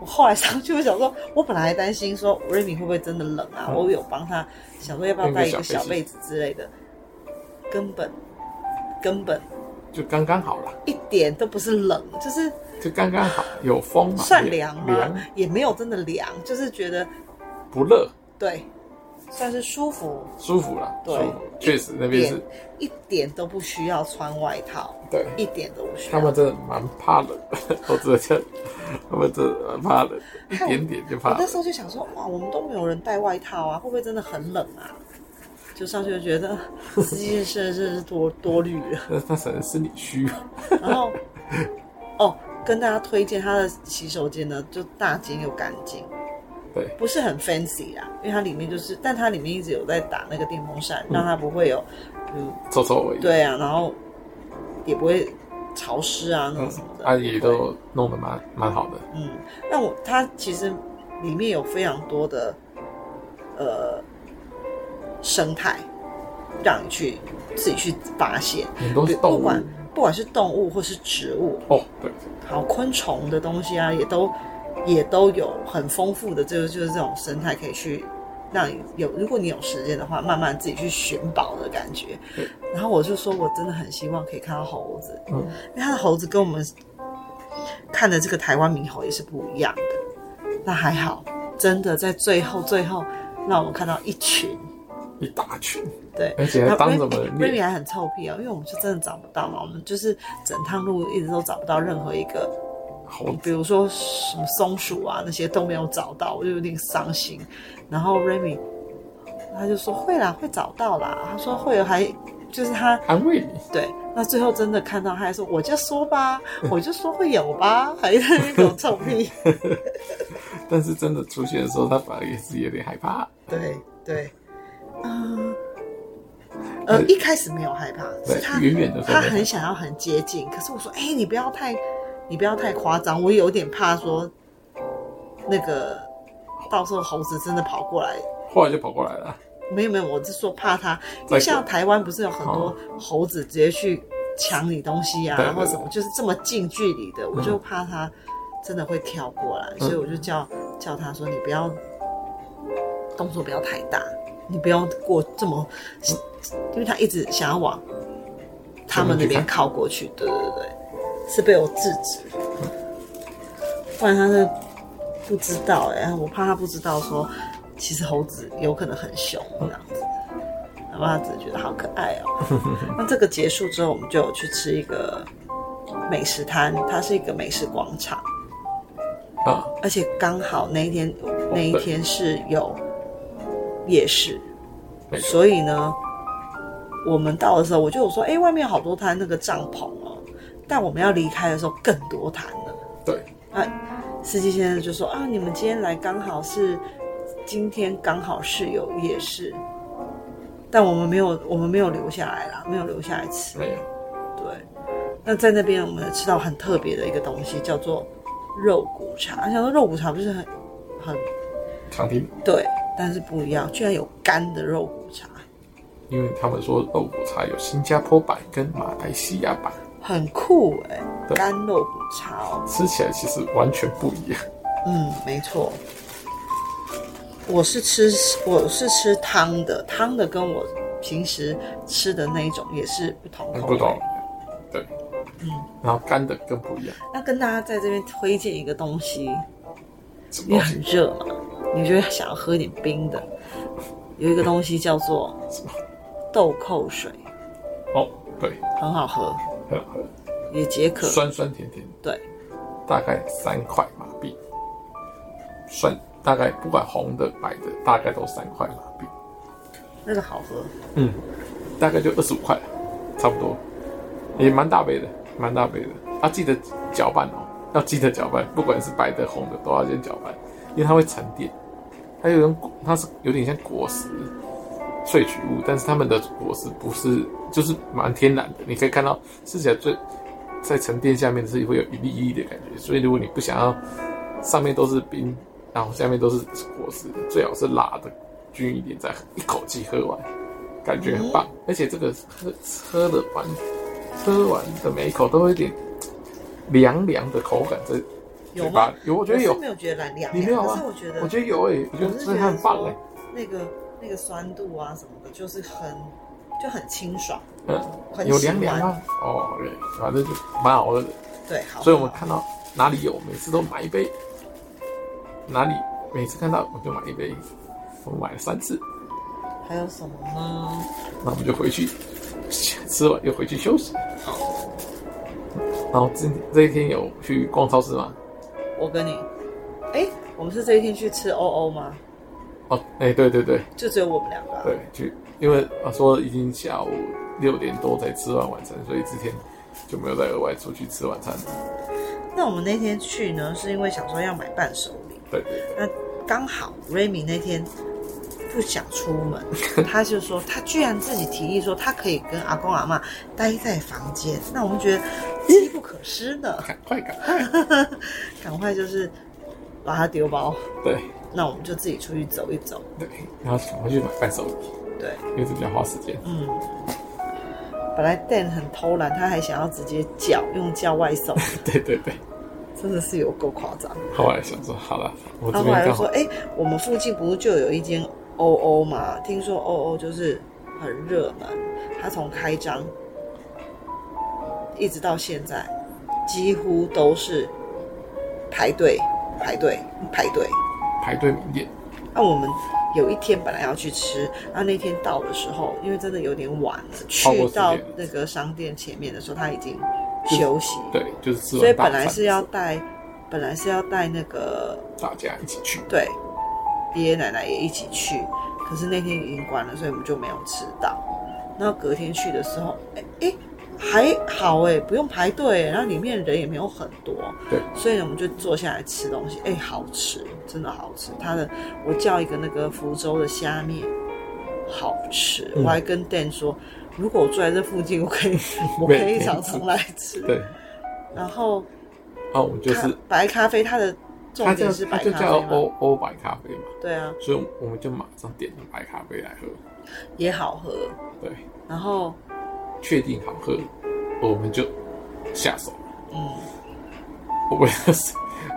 我後來上去，我想說，我本來還擔心說瑞敏會不會真的冷啊，嗯、我有幫他想說要不要帶一個小被子之類的，根本根本就剛剛好了，一點都不是冷，就是就剛剛好，有風嘛，算涼也涼也沒有真的涼，就是覺得不熱，對，算是舒服，舒服了，對，確實那邊是。一點都不需要穿外套，對，一點都不需要。他們真的蠻怕冷， 我只他們真的怕冷，一點點就怕冷。我那時候就想說，哇，我們都沒有人帶外套啊，會不會真的很冷啊？就上去就覺得，司機是是是多 多慮了，那可能是你虛。然後，哦，跟大家推薦他的洗手間呢，就大間又乾淨。對不是很 fancy 啊，因為它裡面就是，但它裡面一直有在打那個電風扇，嗯、讓它不會有，嗯，臭臭味。對啊，然後也不會潮濕啊、嗯，那什麼的，啊，也都弄得蠻蠻好的。嗯，那我它其實裡面有非常多的，呃，生態，讓你去自己去發現，你都不管不管是動物或是植物哦，oh, 對，好，昆蟲的東西啊，也都。也都有很豐富的，就是就是這種生態，可以去讓你有，如果你有時間的話，慢慢自己去尋寶的感覺，嗯。然後我就說，我真的很希望可以看到猴子，嗯，因為他的猴子跟我們看的這個台灣獼猴也是不一樣的。那還好，真的在最後最後，讓我們看到一群，一大群，對，而且他幫我們，瑞米還很臭屁啊，哦，因為我們是真的找不到嘛，我們就是整趟路一直都找不到任何一個。比如說什麼松鼠啊，那些都沒有找到，我就有點傷心。然後 Remy，他就說會啦，會找到啦。他說會有，還就是他安慰你。Unwritten. 對，那最後真的看到，他還說我就說吧，我就說會有吧，還有那種臭屁。但是真的出現的時候，他反而也是有點害怕。對對，呃一開始沒有害怕，對他遠遠的，他很想要很接近，可是我說，哎、欸，你不要太。你不要太誇張，我有點怕，說那個到時候猴子真的跑過來，後來就跑過來了。沒有沒有，我是說怕他，因為像台灣不是有很多猴子直接去搶你東西啊，嗯、然後什麼就是這麼近距離的，對對對，我就怕他真的會跳過來，嗯、所以我就叫叫他說，你不要動作不要太大，你不要過這麼、嗯，因為他一直想要往他們那邊靠過去，對對對對。是被我制止，不然他是不知道哎、欸，我怕他不知道說，其實猴子有可能很兇那樣子，然後他只是覺得好可愛哦、喔。 那這個結束之後，我們就有去吃一個美食攤，它是一個美食廣場啊，而且剛好那一天，那一天是有夜市、啊，所以呢，我們到的時候我就有說，哎、欸，外面好多攤那個帳篷。但我們要離開的時候，更多談了。對啊，司機先生就說：“啊，你們今天來剛好是今天，剛好是有夜市，但我們沒有，我們沒有留下來啦，沒有留下來吃。沒有對，那在那邊我們吃到很特別的一個東西，叫做肉骨茶。想說肉骨茶不是很很常聽？對，但是不一樣，居然有乾的肉骨茶。因為他們說肉骨茶有新加坡版跟馬來西亞版。”很酷哎、欸，乾肉骨茶哦。吃起來其實完全不一樣。嗯，沒錯。我是吃我是吃湯的，湯的跟我平時吃的那一種也是不同。不同。對。嗯。然後乾的更不一樣。那跟大家在這邊推薦一個東西，因為很熱嘛，你就想要喝一點冰的，有一個東西叫做豆蔻水。 哦，對。很好喝。很好喝，也解渴，酸酸甜甜。對，大概三塊馬幣，算大概不管紅的白的，大概都三塊馬幣。那個好喝。嗯，大概就二十五塊，差不多，也蠻大杯的，蠻大杯的。啊，記得攪拌哦，要記得攪拌，不管是白的紅的都要先攪拌，因為它會沉澱。它有種，它是有點像果實萃取物，但是它們的果實不是。就是蠻天然的，你可以看到，吃起來最在沉澱下面是會有一粒一粒的感覺。所以如果你不想要上面都是冰，然後下面都是果汁，最好是拉的均勻一點再一口氣喝完，感覺很棒。嗯、而且這個喝喝的完喝完的每一口都有點涼涼的口感在嘴巴。有嗎？有，我覺得有。沒有覺得涼。你沒有啊？我覺得有、欸、我覺得真的很棒哎、欸。那個那個酸度啊什麼的，就是很。就很清爽，嗯，很有涼涼、oh, yeah. 啊，哦，對，反正就蠻好的，對，所以，我們看到哪裡有，每次都買一杯；哪裡每次看到我就買一杯，我買了三次。還有什麼呢？那我們就回去吃了又回去休息。好，然後今這一天有去逛超市嗎？我跟你，哎、欸，我們是這一天去吃歐歐嗎？哦，哎、欸，對對對，就只有我們兩個。對，就因為我、啊、說已經下午六點多才吃完晚餐，所以之前就沒有再額外出去吃晚餐。那我們那天去呢，是因為想說要買伴手禮。對，對，對，那剛好 Remy 那天不想出門， 他就說他居然自己提議說他可以跟阿公阿嬤待在房間。那我們覺得機不可失的，趕快趕快， 趕快就是把他丟包。對。那我們就自己出去走一走。對，然後趕快去買伴手禮。對，因為這比較花時間。嗯。本來 Dan 很偷懶，他還想要直接叫，用叫外送。 對對對，真的是有夠誇張。後來想說，嗯、好了，我這邊告訴他說，哎、欸，我們附近不是就有一間 OO 嗎？聽說 OO 就是很熱門，他從開張一直到現在，幾乎都是排隊、排隊、排隊。排隊明天，那、啊、我們有一天本來要去吃，那、啊、那天到的時候，因為真的有點晚了，去到那個商店前面的時候，時他已經休息。就是，對，就是吃完，所以本來是要帶，本來是要帶那個大家一起去，對，爺爺奶奶也一起去，可是那天已經關了，所以我們就沒有吃到。然後隔天去的時候，哎、欸、哎。欸還好哎、欸，不用排隊、欸，然後裡面人也沒有很多，對，所以我們就坐下來吃東西，哎、欸，好吃，真的好吃。它的，我叫一個那個福州的蝦麵，好吃、嗯。我還跟 Dan 說，如果我坐在這附近我可以，我可以， 我可以常常來吃。對，然後，哦，我們就是咖白咖啡，它的重點是白咖啡叫就叫歐歐白咖啡嘛，對啊，所以我們就馬上點了白咖啡來喝，也好喝，對，然後。確定好喝，我們就下手。嗯，我們要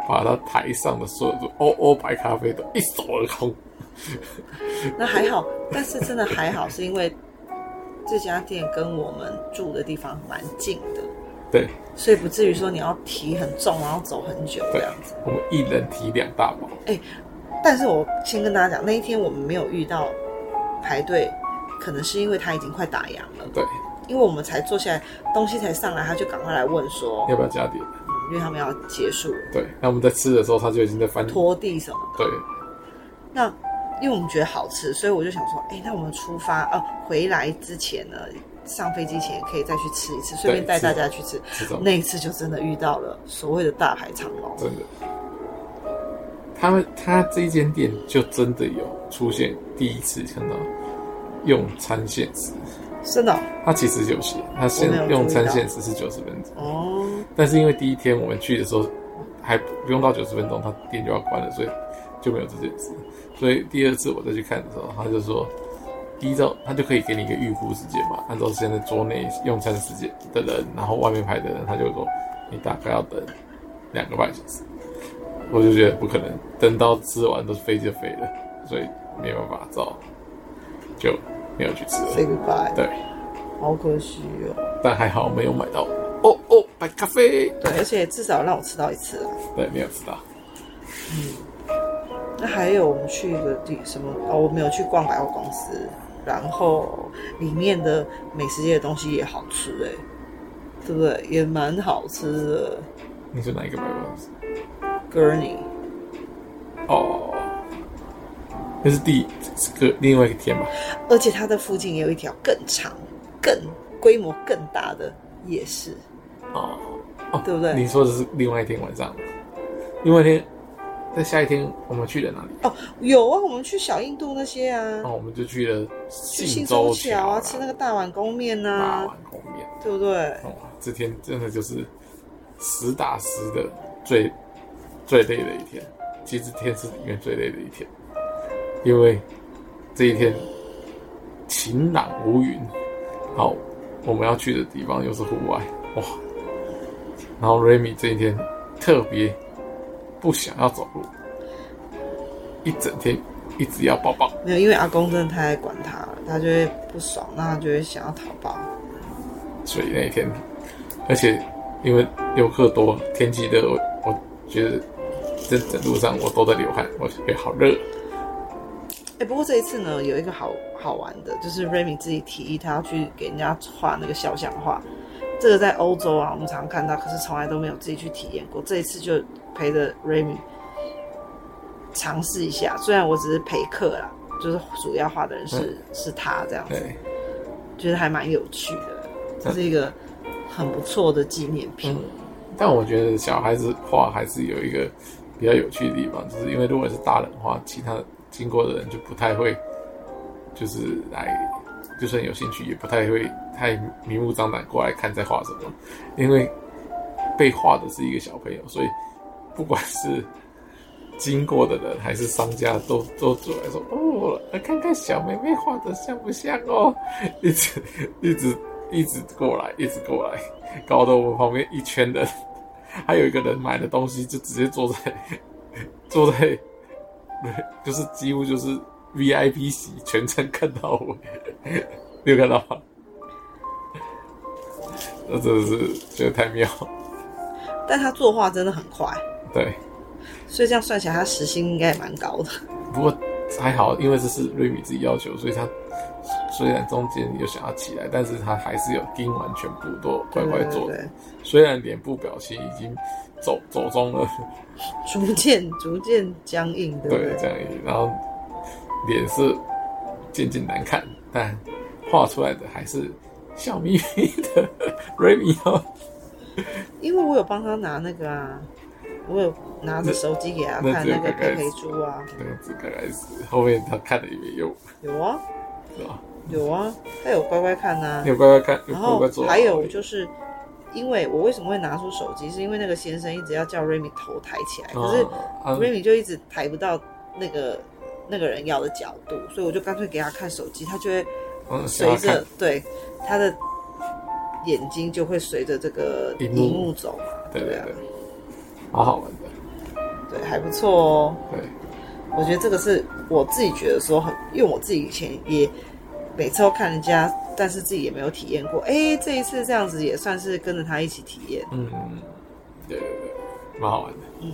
把它台上的所有的哦哦，白咖啡都一掃而空。那還好，但是真的還好， 是因為這家店跟我們住的地方蠻近的。對，所以不至於說你要提很重，然後走很久這樣子。我們一人提兩大包。哎、欸，但是我先跟大家講，那一天我們沒有遇到排隊，可能是因為他已經快打烊了。對。因為我們才坐下來，東西才上來，他就趕快來問說，要不要加點？嗯，因為他們要結束了。對，那我們在吃的時候，他就已經在翻拖地什麼的。對。那因為我們覺得好吃，所以我就想說，哎，那我們出發啊，回來之前呢，上飛機前可以再去吃一次，順便帶大家去吃，吃，吃。那一次就真的遇到了所謂的大排長龍。真的。他們他這一間店就真的有出現第一次看到用餐限制。是的，他其實就是他現用餐限時是九十分鐘哦，oh. 但是因為第一天我們去的時候還不用到九十分鐘，他店就要關了，所以就沒有這件事。所以第二次我再去看的時候，他就說，依照他就可以給你一個預估時間嘛，按照現在桌內用餐時間的人，然後外面排的人，他就說你大概要等兩個半小時。我就覺得不可能等到吃完都飛就飛了，所以沒辦法照就。沒有去吃，say goodbye，對，好可惜哦。但還好沒有買到哦哦白咖啡，oh, oh, 對，而且至少讓我吃到一次啊。對，沒有吃到。嗯，那還有我們去的地什麼哦，我沒有去逛百貨公司，然後裡面的美食街的東西也好吃哎，對不對？也蠻好吃的。你是哪一個百貨公司？Gurney。哦。那是第是個另外一個天嘛，而且它的附近也有一條更長、更規模更大的夜市，哦哦，對不對？你說的是另外一天晚上，另外一天，在下一天我們去了哪裡？哦，有啊，我們去小印度那些啊。哦，我們就去了信州橋啊，吃那個大碗公麵吶、啊。大碗公麵、啊、對不對？哦，這天真的就是實打實的最最累的一天，其實天是裡面最累的一天。因為這一天晴朗無雲，好，我們要去的地方又是戶外，哇！然後瑞米這一天特別不想要走路，一整天一直要抱抱。沒有，因為阿公真的太愛管他了，他就會不爽，那他就會想要逃跑。所以那一天，而且因為遊客多，天氣熱，我，我覺得在在路上我都在流汗，我覺得好熱。欸、不過這一次呢，有一個好好玩的，就是 Remy 自己提議，他要去給人家畫那個肖像畫。這個在歐洲啊，我們常常看到，可是從來都沒有自己去體驗過。這一次就陪着 Remy 嘗試一下，雖然我只是陪客啦，就是主要畫的人是、嗯、是他這樣子，覺得、就是、還蠻有趣的，這是一個很不錯的紀念品、嗯嗯。但我覺得小孩子畫還是有一個比較有趣的地方，就是因為如果是大人畫，其他。經過的人就不太會，就是來，就算、是、有興趣也不太會太明目張膽過來看在畫什麼，因為被畫的是一個小朋友，所以不管是經過的人還是商家都，都都坐來說：“哦，來看看小妹妹畫的像不像哦！”一直一直一直過來，一直過來，搞到我們旁邊一圈的人，還有一個人買的東西就直接坐在坐在。 就是幾乎就是 VIP 席全程看到我， 有看到嗎？那 真的是，這個太妙。但他作畫真的很快，對，所以這樣算起來，他時薪應該也蠻高的 。不過還好，因為這是瑞米自己要求，所以他雖然中間有想要起來，但是他還是有盯完全部都乖乖做的。雖然臉部表情已經。走走中了，逐漸逐漸僵硬，對不對？對，僵硬，然後臉色漸漸難看，但畫出來的還是笑眯眯的。r a e n 然因為我有幫他拿那個啊，我有拿着手機給他看那、那個佩佩豬啊，那個剛開始後面他看了也遍有，有啊，有啊，他有乖乖看啊，有乖乖看，然後，有乖乖後還有就是。因為我為什麼會拿出手機，是因為那個先生一直要叫瑞米頭抬起來，嗯、可是瑞米就一直抬不到那個、嗯、那個人要的角度，所以我就乾脆給他看手機，他就會隨着、嗯、對他的眼睛就會隨着這個屏幕，幕走嘛。對、啊，對對對，好好玩的，對，還不錯哦、喔，我覺得這個是我自己覺得說很，因為我自己以前也每次都看人家。但是自己也沒有體驗過，哎、欸，這一次這樣子也算是跟着他一起體驗。嗯，對對對，蠻好玩的。嗯，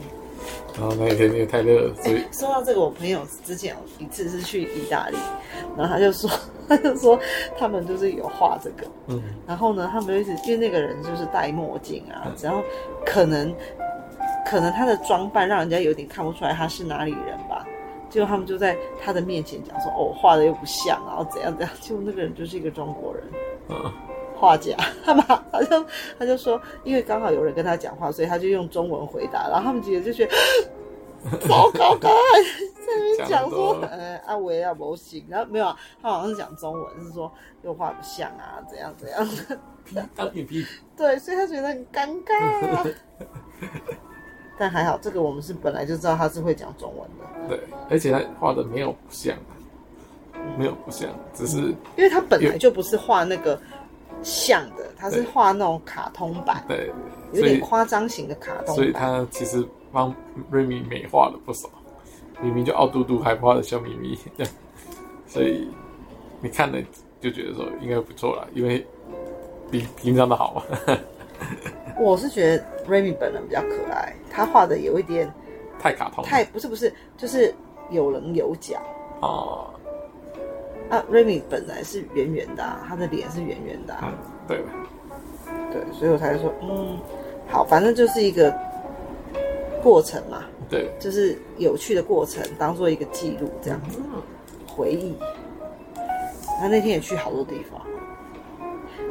然後那一天也太熱了，所以、欸、說到這個，我朋友之前有一次是去意大利，然後他就說，他就說他們就是有畫這個，嗯，然後呢，他沒有意思，因為那個人就是戴墨鏡啊，然、嗯、後可能可能他的裝扮讓人家有點看不出來他是哪裡人吧。結果他們就在他的面前講說：“哦，畫的又不像，然後怎樣怎樣。”結果那個人就是一個中國人，嗯，畫家。他們他就他就說，因為剛好有人跟他講話，所以他就用中文回答。然後他們幾個就覺得糟搞搞在那邊講說：“講哎，阿維亞模型。”然後沒有啊，他好像是講中文，就是說又畫不像啊，怎樣怎樣。的，屏對，所以他覺得很尷尬啊。 但還好，這個我們是本來就知道他是會講中文的。對，而且他畫的沒有不像、嗯，沒有不像，只是、嗯、因為他本來就不是畫那個像的，他是畫那種卡通版，對，對有點誇張型的卡通所。所以他其實幫 Remy 美化了不少，明明就奧嘟嘟還不畫笑咪咪，還畫的咪咪。眯，所以、嗯、你看了就覺得說應該不錯了，因為比平常的好 我是覺得。Remy 本人比較可愛，他畫的有一點太卡通，太，不是不是，就是有稜有角啊。啊，Remy 本來是圓圓的、啊，他的臉是圓圓的、啊嗯，對，對，所以我才說，嗯，好，反正就是一個過程嘛，對，就是有趣的過程，當做一個記錄這樣子，子、嗯嗯。回憶。他那天也去好多地方，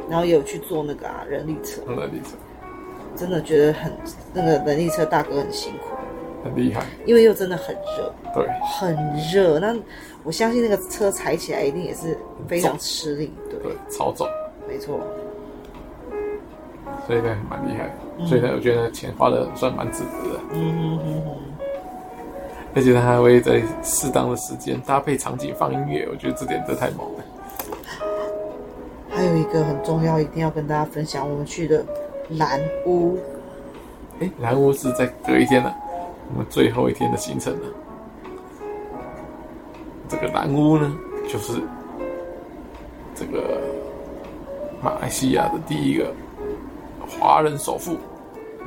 然後也有去坐那個啊人力車，人力車。真的覺得很那個人力車大哥很辛苦，很厲害，因為又真的很熱，對，很熱。那我相信那個車踩起來一定也是非常吃力，對，對，超重，沒錯。所以呢，蠻厲害的、嗯，所以呢，我覺得錢花的算蠻值得的嗯嗯嗯。嗯。而且他還會在適當的時間搭配場景放音樂，我覺得這點真的太猛了。還有一個很重要，一定要跟大家分享，我們去的。藍屋，哎、欸，藍屋是在隔一天的、啊、我們最後一天的行程了、啊。這個藍屋呢，就是這個馬來西亞的第一個華人首富，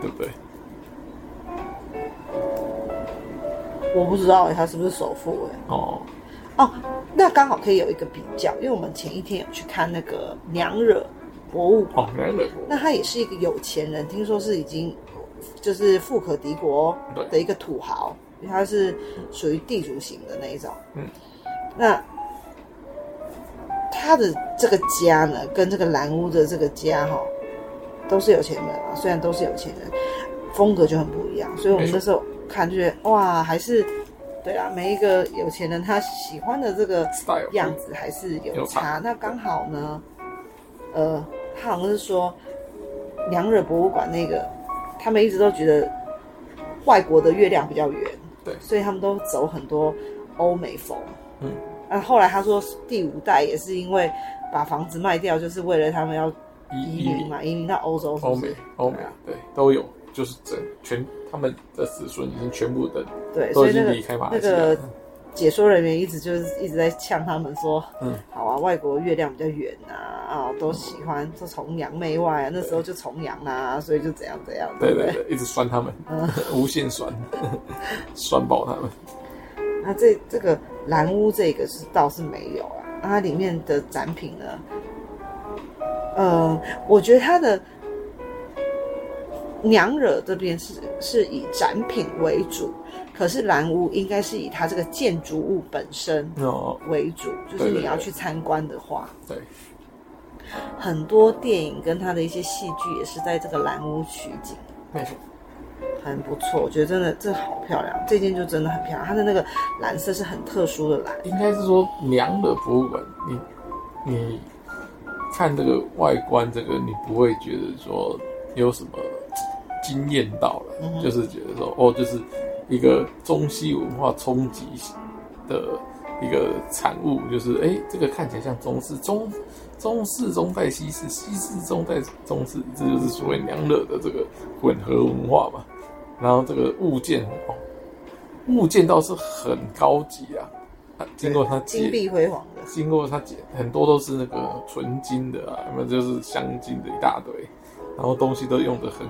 對不對？我不知道、欸、他是不是首富、欸、哦，哦，那剛好可以有一個比較，因為我們前一天有去看那個娘惹。博物館、oh, 嗯、那他也是一個有錢人，聽說是已經，就是富可敵國的一個土豪，因為他是屬於地主型的那一種。嗯，那他的這個家呢，跟這個藍屋的這個家哈、哦，都是有錢人啊。雖然都是有錢人，風格就很不一樣。所以我們那時候看，覺得哇，還是對啊。每一個有錢人他喜歡的這個樣子還是有差。有差。那剛好呢，呃。他好像是說，娘惹博物館那個，他們一直都覺得外國的月亮比較圓，對，所以他們都走很多歐美風。嗯、啊，後來他說第五代也是因為把房子賣掉，就是為了他們要移民嘛，移民，移民到歐洲是不是？歐美、歐美啊，對，都有，就是整全他們的子孫已經全部的對，對，所以那離開馬來西亞解說人員一直就是一直在嗆他們說：“嗯，好啊，外國月亮比較圓啊，啊，都喜歡，就、嗯、崇洋媚外啊。那時候就崇洋啊，所以就怎樣怎樣。對不對？”對對對，一直酸他們，嗯，無限酸， 酸爆他們。那這這個藍屋這個是倒是沒有、啊、那它裡面的展品呢，嗯、呃、我覺得它的娘惹這邊是是以展品為主。可是藍屋應該是以它這個建築物本身為主。哦對對對，就是你要去參觀的話，對，對，很多電影跟它的一些戲劇也是在這個藍屋取景，沒、嗯、錯，很不錯，我覺得真的這好漂亮，這件就真的很漂亮，它的那個藍色是很特殊的藍，應該是說娘的博物館，嗯、你你看這個外觀，這個你不會覺得說有什麼驚艷到了。嗯，就是覺得說、嗯、哦，就是。一個中西文化衝擊的一個產物，就是哎、欸，這個看起來像中式中中式中帶西式，西式中帶中式，這就是所謂“娘惹”的這個混合文化吧。然後這個物件，物件倒是很高級啊，經過它金碧輝煌的，經過它很多都是那個純金的啊，那麼就是鑲金的一大堆，然後東西都用得很，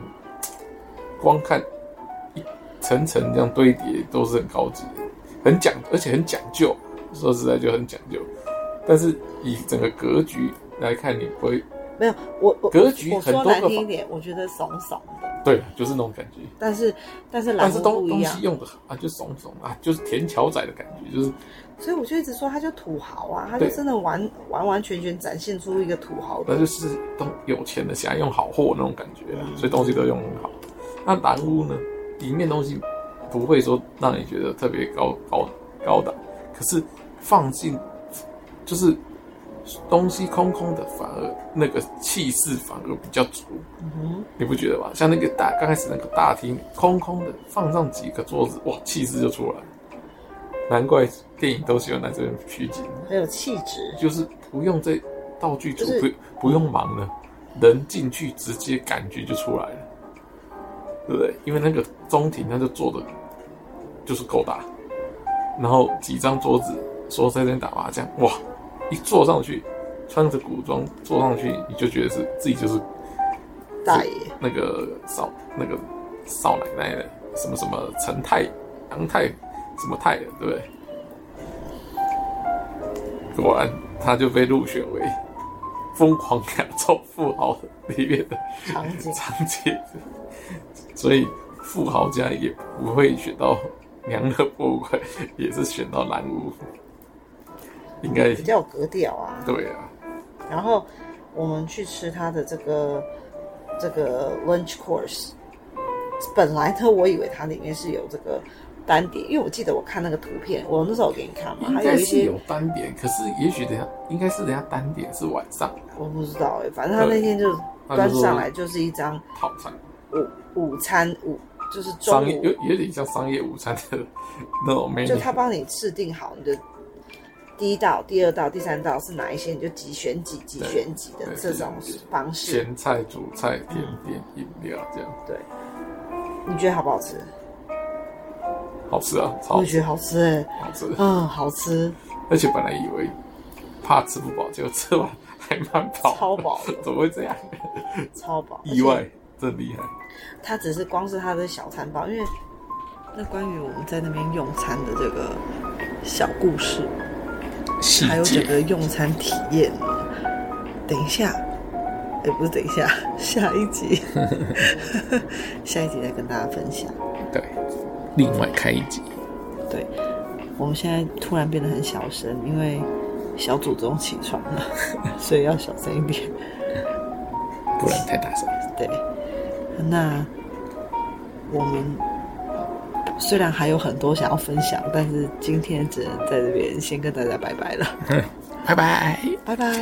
光看。層層這樣堆疊都是很高級的，很講而且很講究，說實在就很講究。但是以整個格局來看你不，你會沒有我我格局很多說難聽一點，我覺得慫慫的。對，就是那種感覺。但是但是藍屋不一樣，但是東西用的好啊，就慫慫啊，就是田僑仔的感覺，就是。所以我就一直說他就土豪啊，他就真的完完完全全展現出一個土豪的。那就是東有錢的，想要用好貨那種感覺啊，所以東西都用很好。那藍屋呢？裡面東西不會說讓你覺得特別高高高檔，可是放進就是東西空空的，反而那個氣勢反而比較足，嗯，你不覺得嗎？像那個大剛開始那個大廳空空的，放上幾個桌子，嗯、哇，氣勢就出來了。難怪電影都喜歡來這邊取景，還有氣質，就是不用這道具組不不用忙了，人進去直接感覺就出來了。對不對？因為那個中庭，他就做的，就是夠大，然後幾張桌子，說在那邊打麻將，哇，一坐上去，穿着古裝坐上去，你就覺得是自己就是大爺，那個少那個少奶奶的什麼什麼陳太、楊太、什麼太的，對不對？果然他就被入選為。瘋狂亞洲富豪裡面的場景，場景，所以富豪家也不會選到娘惹博物館，也是選到藍屋，應該、嗯、比較有格調啊。對啊，然後我們去吃他的這個這個 lunch course，本來呢，我以為它裡面是有這個。單點，因為我記得我看那個圖片，我那時候我給你看嘛，應該是有單點，還有一些，可是也許等下應該是等下單點是晚上，啊、我不知道、欸，反正他那天就端上來就是一張套餐午午餐午就是中午有有點像商業午餐的那種， no、就他幫你制定好你的第一道、第二道、第三道是哪一些，你就幾選幾、幾選幾的這種方式，鹹菜主菜甜點飲料、嗯、這樣，對，你覺得好不好吃？好吃啊！超，我覺得好吃哎、欸，好吃，嗯，好吃。而且本來以為怕吃不飽，結果吃完還蠻飽，超飽， 怎麼會這樣？超飽，意外真厲害。他只是光是他的小餐包，因為那關於我們在那邊用餐的這個小故事，還有整個用餐體驗。等一下，哎、欸，不是等一下，下一集， 下一集再跟大家分享。對。另外開一集。對，我們現在突然變得很小聲，因為小祖宗起床了，所以要小聲一點， 不然太大聲。對，那我們雖然還有很多想要分享，但是今天只能在這邊先跟大家拜拜了，拜 拜，拜拜。